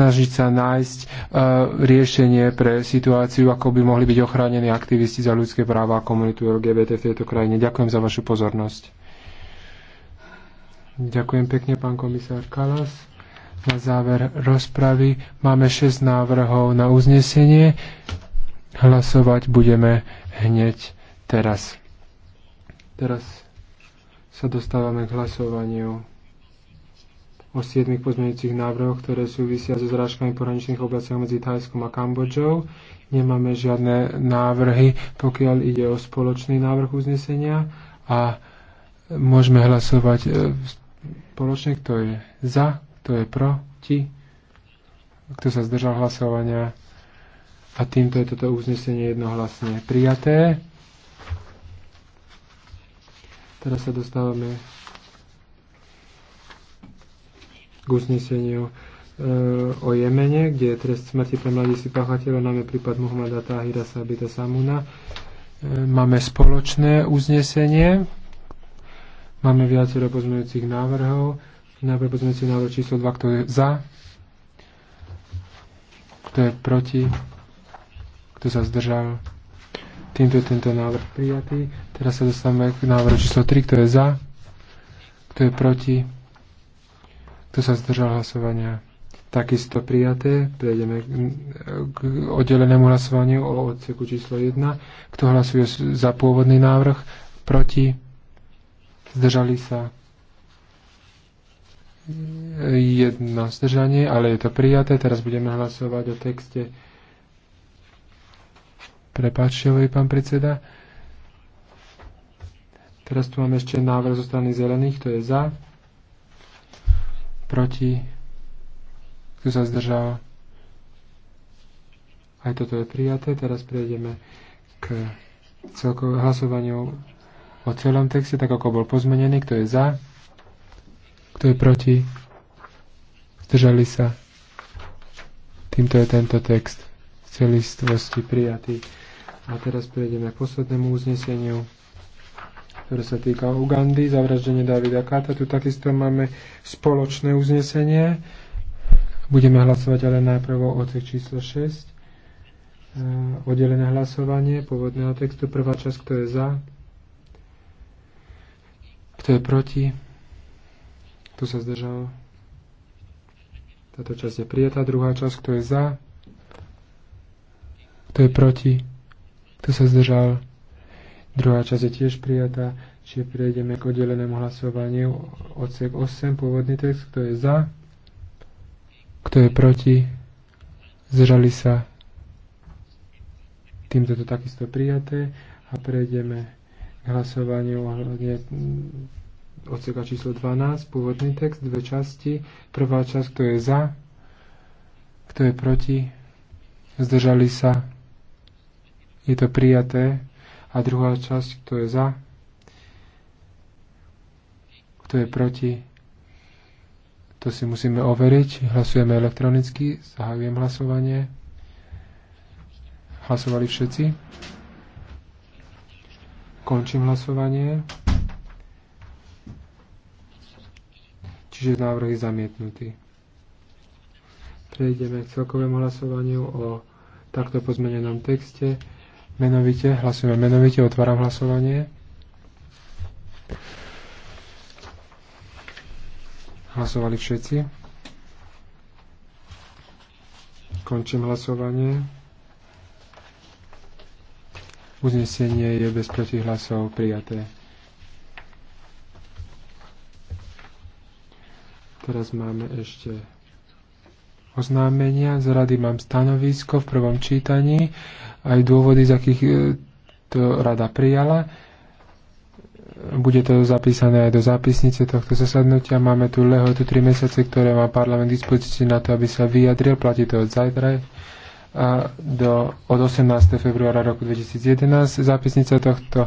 snažiť sa nájsť e, riešenie pre situáciu, ako by mohli byť ochránení aktivisti za ľudské práva a komunitu LGBT v tejto krajine. Ďakujem za vašu pozornosť. Ďakujem pekne, pán komisár Kalas. Na záver rozpravy máme 6 návrhov na uznesenie. Hlasovať budeme hneď teraz. Teraz sa dostávame k hlasovaniu o siedmich pozmeňujúcich návrhoch, ktoré súvisia so zrážkami pohraničných oblastí medzi Thajskom a Kambodžou. Nemáme žiadne návrhy, pokiaľ ide o spoločný návrh uznesenia a môžeme hlasovať e, spoločne, kto je za, kto je proti, kto sa zdržal hlasovania. A týmto je toto uznesenie jednohlasne prijaté. Teraz sa dostávame k uzneseniu eh, o Jemene, kde je trest smrti pre si páchateľov, máme prípad Muhammada Tahira Sabita Samuna. Eh, máme spoločné uznesenie, máme viacero pozmeňujúcich návrhov. Najprv pozmeňujúci návrh číslo 2, kto je za, kto je proti, kto sa zdržal. Týmto je tento návrh prijatý. Teraz sa dostávame k návrhu číslo 3, kto je za, kto je proti, kto sa zdržal hlasovania? Takisto prijaté. Prejdeme k oddelenému hlasovaniu o odseku číslo 1. Kto hlasuje za pôvodný návrh? Proti? Zdržali sa? Jedno zdržanie, ale je to prijaté. Teraz budeme hlasovať o texte. Prepáčte, pán predseda. Teraz tu máme ešte návrh zo strany zelených, to je za proti, kto sa zdržal. Aj toto je prijaté. Teraz prejdeme k celkové hlasovaniu o celom texte, tak ako bol pozmenený. Kto je za? Kto je proti? Zdržali sa. Týmto je tento text v celistvosti prijatý. A teraz prejdeme k poslednému uzneseniu ktoré sa týka Ugandy, zavraždenie Davida Kata. Tu takisto máme spoločné uznesenie. Budeme hlasovať ale najprv o odsek číslo 6. E, oddelené hlasovanie pôvodného textu. Prvá časť, kto je za? Kto je proti? Kto sa zdržal? Táto časť je prijatá. Druhá časť, kto je za? Kto je proti? Kto sa zdržal? Druhá časť je tiež prijatá, čiže prejdeme k oddelenému hlasovaniu odsek 8, pôvodný text, kto je za, kto je proti, zžali sa, týmto to takisto prijaté a prejdeme k hlasovaniu ohľadne odseka číslo 12, pôvodný text, dve časti. Prvá časť, kto je za, kto je proti, zdržali sa, je to prijaté. A druhá časť, kto je za, kto je proti, to si musíme overiť. Hlasujeme elektronicky, zahajujem hlasovanie. Hlasovali všetci. Končím hlasovanie. Čiže návrh je zamietnutý. Prejdeme k celkovému hlasovaniu o takto pozmenenom texte. Menovite, hlasujeme menovite, otváram hlasovanie. Hlasovali všetci. Končím hlasovanie. Uznesenie je bez protihlasov prijaté. Teraz máme ešte oznámenia, z rady mám stanovisko v prvom čítaní, aj dôvody, z akých e, to rada prijala. Bude to zapísané aj do zápisnice tohto zasadnutia. Máme tu lehotu 3 mesiace, ktoré má parlament dispozícii na to, aby sa vyjadril. Platí to od zajtra do, od 18. februára roku 2011. Zápisnica tohto